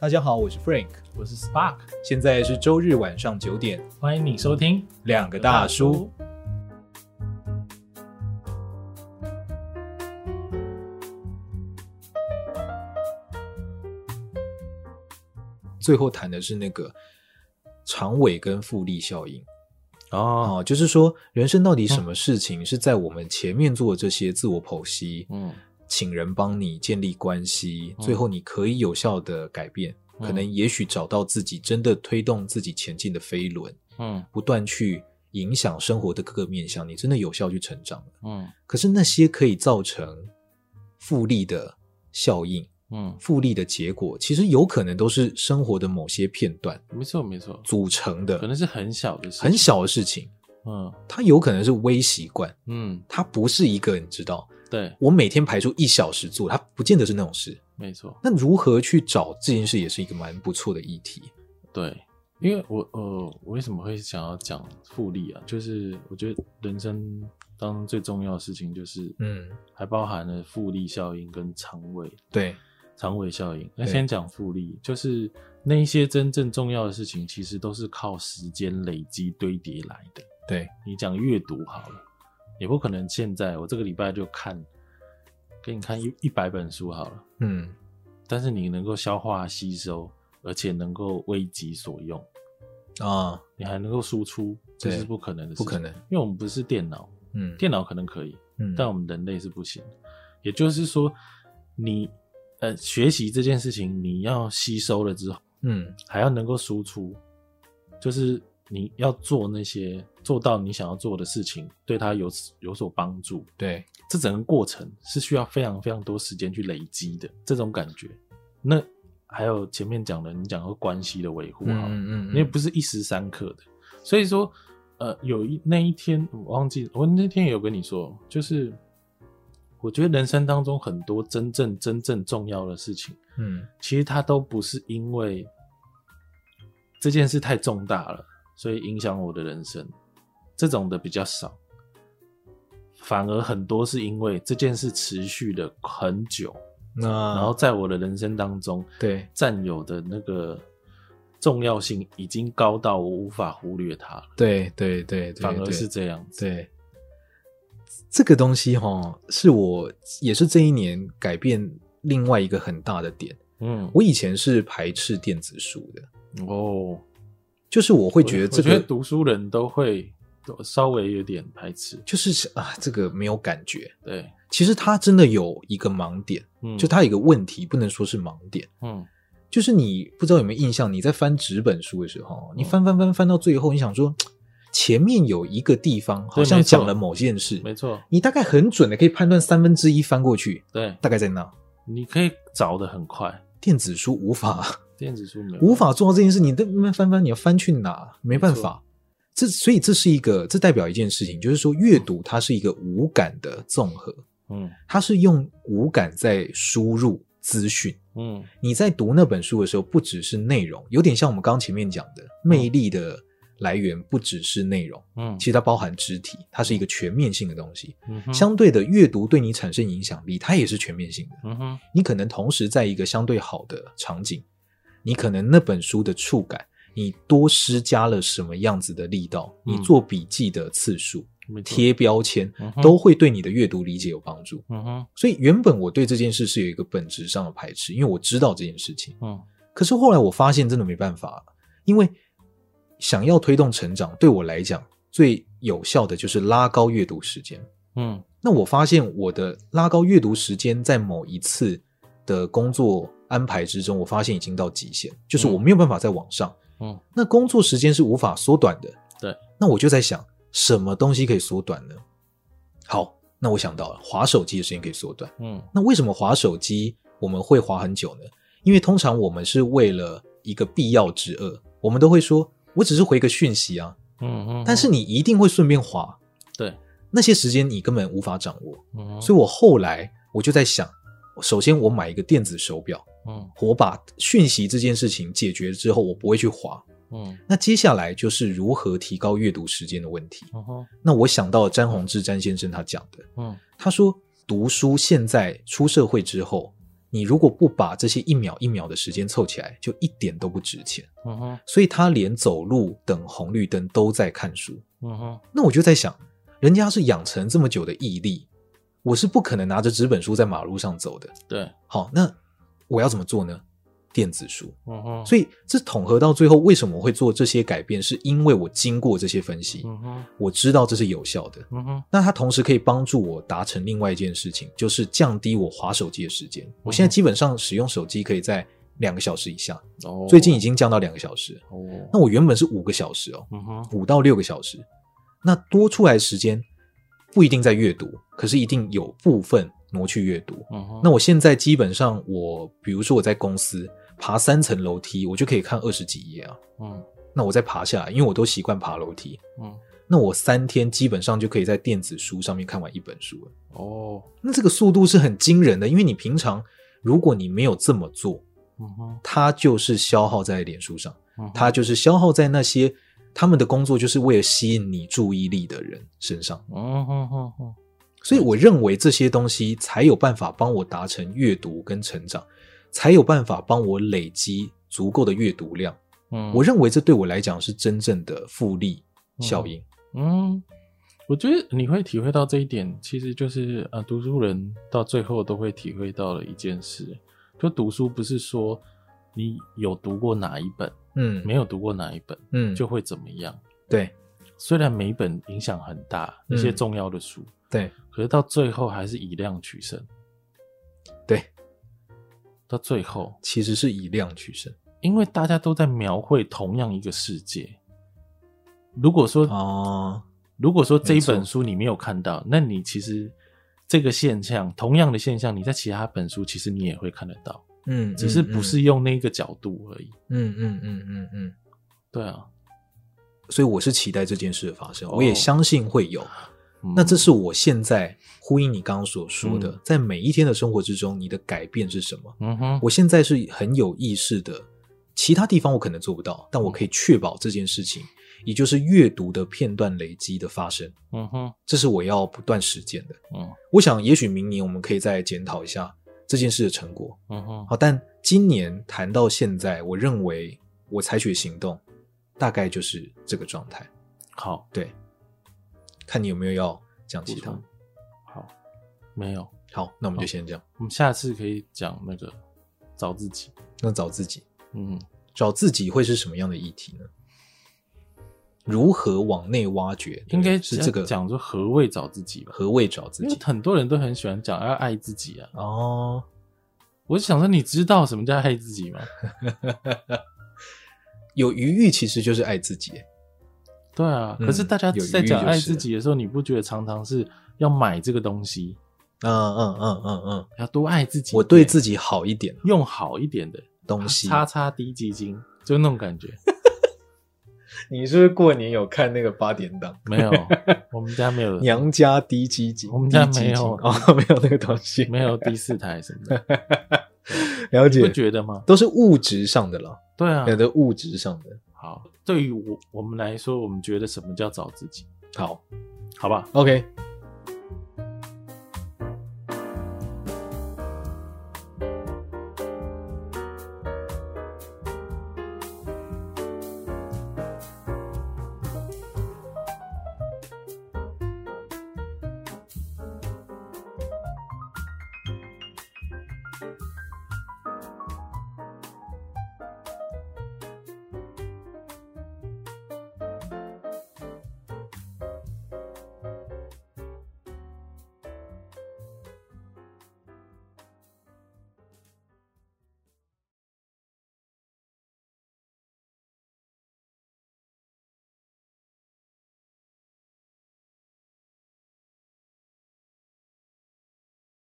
大家好，我是 Frank，我是 Spark，現在是週日晚上九點，歡迎你收聽兩個大叔。嗯，大叔嗯、最後談的是那個長尾跟複利效應哦，哦，就是說人生到底什麼事情是在我們前面做這些自我剖析，嗯。請人幫你建立關係，最後你可以有效的改變，嗯、可能也許找到自己真的推動自己前進的飛輪，嗯，不斷去影響生活的各個面向，你真的有效去成長，嗯。可是那些可以造成複利的效應，嗯，複利的結果，其實有可能都是生活的某些片段，沒錯沒錯組成的，可能是很小的事情，很小的事情，嗯，它有可能是微習慣，嗯，它不是一個，你知道。對，我每天排出一小時做，它不見得是那種事。沒錯，那如何去找這件事，也是一個蠻不錯的議題。對，因為我呃，我為什麼會想要講複利啊？就是我覺得人生當中最重要的事情，就是嗯，還包含了複利效應跟長尾，對、嗯，長尾效應。那先講複利，就是那一些真正重要的事情，其實都是靠時間累積堆疊來的。對，你講閱讀好了。也不可能，現在我這個禮拜就看，給你看一一百本書好了。嗯，但是你能夠消化吸收，而且能夠為己所用，啊，你還能夠輸出，這是不可能的事情，不可能。因為我們不是電腦，嗯，電腦可能可以，嗯，但我們人類是不行的，嗯。也就是說，你呃學習這件事情，你要吸收了之後，嗯，還要能夠輸出，就是你要做那些。做到你想要做的事情，對他有有所幫助。對，這整個過程是需要非常非常多時間去累積的這種感覺。那還有前面講的，你講的關係的維護哈，嗯嗯，也，嗯，不是一時三刻的。所以說，呃，有一那一天我忘記，我那天也有跟你說，就是我覺得人生當中很多真正真正重要的事情，嗯，其實它都不是因為這件事太重大了，所以影響我的人生。這種的比較少，反而很多是因為這件事持續了很久，那然後在我的人生當中，對，佔有的那個重要性已經高到我無法忽略它了。對對對，對，反而是這樣子對。對，這個東西哈，是我也是這一年改變另外一個很大的點。嗯，我以前是排斥電子書的。哦，就是我會覺得、這個，我覺得讀書人都會。稍微有點排斥，就是啊，這個沒有感覺。對，其實他真的有一個盲點，嗯、就他有一個問題，不能說是盲點。嗯，就是你不知道有沒有印象，你在翻紙本書的時候，你翻翻翻翻到最後，你想說、嗯、前面有一個地方好像講了某件事，沒錯，你大概很準的可以判斷三分之一翻過去，對，大概在那，你可以找得很快。電子書無法，電子書沒無法做到這件事，你得慢翻翻，你要翻去哪？沒辦法。這所以這是一個，這代表一件事情，就是說閱讀它是一個五感的綜合，嗯，它是用五感在輸入資訊，嗯，你在讀那本書的時候，不只是內容，有點像我們剛前面講的，魅力的來源不只是內容，嗯，其實它包含肢體，它是一個全面性的東西，嗯哼，相對的，閱讀對你產生影響力，它也是全面性的，嗯哼，你可能同時在一個相對好的場景，你可能那本書的觸感。你多施加了什麼樣子的力道？嗯、你做筆記的次數、貼標籤、嗯、都會對你的閱讀理解有幫助。嗯哼。所以原本我對這件事是有一個本質上的排斥，因為我知道這件事情。嗯。可是後來我發現真的沒辦法，因為想要推動成長，對我來講最有效的就是拉高閱讀時間。嗯。那我發現我的拉高閱讀時間在某一次的工作安排之中，我發現已經到極限，就是我沒有辦法再往上。嗯嗯，那工作時間是無法縮短的。對，那我就在想，什麼東西可以縮短呢？好，那我想到了，劃手機的時間可以縮短。嗯，那為什麼劃手機我們會劃很久呢？因為通常我們是為了一個必要之惡，我們都會說，我只是回個訊息啊。嗯嗯。但是你一定會順便劃，對，那些時間你根本無法掌握。嗯，所以我後來我就在想，首先我買一個電子手錶。嗯，我把訊息這件事情解決之後，我不會去滑。嗯，那接下來就是如何提高閱讀時間的問題。嗯，那我想到了詹宏志詹先生他講的，嗯，他說讀書現在出社會之後，你如果不把這些一秒一秒的時間湊起來，就一點都不值錢。嗯哼、嗯，所以他連走路等紅綠燈都在看書。嗯哼、嗯，那我就在想，人家是養成這麼久的毅力，我是不可能拿着紙本書在馬路上走的。對，好，那。我要怎麼做呢？電子書，嗯、uh -huh. 所以這統合到最後為什麼我會做這些改變？是因為我經過這些分析，嗯、uh -huh. 我知道這是有效的，嗯、uh -huh. 那它同時可以幫助我達成另外一件事情，就是降低我劃手機的時間。Uh -huh. 我現在基本上使用手機可以在兩個小時以下，uh -huh. 最近已經降到兩個小時，uh -huh. 那我原本是五個小時哦，嗯五到六個小時，那多出來的時間不一定在閱讀，可是一定有部分。挪去閱讀，uh -huh. 那我現在基本上我，我比如說我在公司爬三層樓梯，我就可以看二十幾頁啊，嗯、uh -huh.，那我再爬下來，因為我都習慣爬樓梯，嗯、uh -huh.，那我三天基本上就可以在電子書上面看完一本書了，哦、uh -huh.，那這個速度是很驚人的，因為你平常如果你沒有這麼做，嗯哼，它就是消耗在臉書上，嗯、uh -huh.，它就是消耗在那些他們的工作就是為了吸引你注意力的人身上，嗯哼哼哼。所以我認為這些東西才有辦法幫我達成閱讀跟成長，才有辦法幫我累積足夠的閱讀量。嗯，我認為這對我來講是真正的複利效應。嗯。嗯，我覺得你會體會到這一點，其實就是啊，讀書人到最後都會體會到了一件事，就讀書不是說你有讀過哪一本，嗯，沒有讀過哪一本，嗯，就會怎麼樣？對，雖然每一本影響很大，一些重要的書，嗯。對。可是，到最後還是以量取勝，對，到最後其實是以量取勝，因為大家都在描繪同樣一個世界。如果說、哦，如果說這一本書你沒有看到，那你其實這個現象，同樣的現象，你在其他本書其實你也會看得到，嗯，嗯，只是不是用那個角度而已，嗯嗯嗯嗯嗯，對啊，所以我是期待這件事的發生，oh, 我也相信會有。嗯，那這是我現在呼應你剛剛所說的，嗯，在每一天的生活之中，你的改變是什麼？嗯哼，我現在是很有意識的，其他地方我可能做不到，但我可以確保這件事情，也就是閱讀的片段累積的發生。嗯哼，這是我要不斷實踐的。嗯，我想也許明年我們可以再檢討一下這件事的成果。嗯哼，好，但今年談到現在，我認為我採取行動，大概就是這個狀態。好，對。看你有沒有要講其他，好，沒有，好，那我們就先這樣。我們下次可以講那個找自己，那找自己，嗯，找自己會是什麼樣的議題呢？嗯、如何往內挖掘？應該是這個講說何謂找自己，何謂找自己？很多人都很喜歡講要愛自己啊。哦，我想說你知道什麼叫愛自己嗎？ 有餘裕其實就是愛自己。對啊、嗯，可是大家在講愛自己的時候有有時的，你不覺得常常是要買這個東西？嗯嗯嗯嗯嗯，要多愛自己，我對自己好一點，用好一點的東西、啊，叉叉滴雞精，就那種感覺。 你是不是過年有看那個八點檔？沒有，我們家沒有。娘家滴雞精，我們家沒有哦，沒有那個東西， 沒有第四台什麼的。 了解？不覺得嗎？都是物質上的了。對啊，有的、就是、物質上的。好，對於我我們來說，我們覺得什麼叫找自己？好，好吧，OK。